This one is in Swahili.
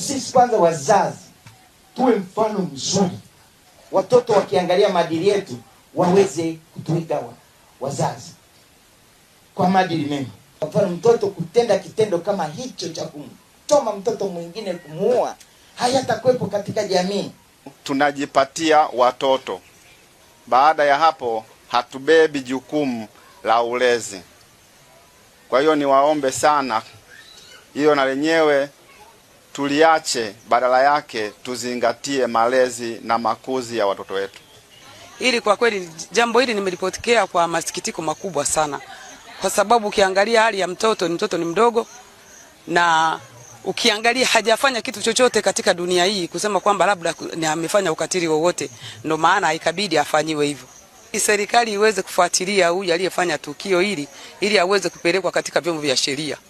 Sisi kwanza wazazi tuwe mfano mzuri, watoto wakiangalia maadili yetu waweze kutuiga wazazi kwa maadili mema. Kwa mfano, mtoto kutenda kitendo kama hicho cha kumchoma mtoto mwingine, kumuua, hayatakuwepo katika jamii. Tunajipatia watoto, baada ya hapo hatubebi jukumu la ulezi. Kwa hiyo niwaombe sana, hiyo na lenyewe tuliache, badala yake tuzingatie malezi na makuzi ya watoto wetu. Ili kwa kweli jambo hili nimelipokea kwa masikitiko makubwa sana, kwa sababu ukiangalia hali ya mtoto ni mtoto ni mdogo, na ukiangalia hajafanya kitu chochote katika dunia hii kusema kwamba labda amefanya ukatili wowote, ndo maana ikabidi afanyiwe hivyo. Serikali iweze kufuatilia huyu aliyefanya tukio hili ili aweze kupelekwa katika vyombo vya sheria.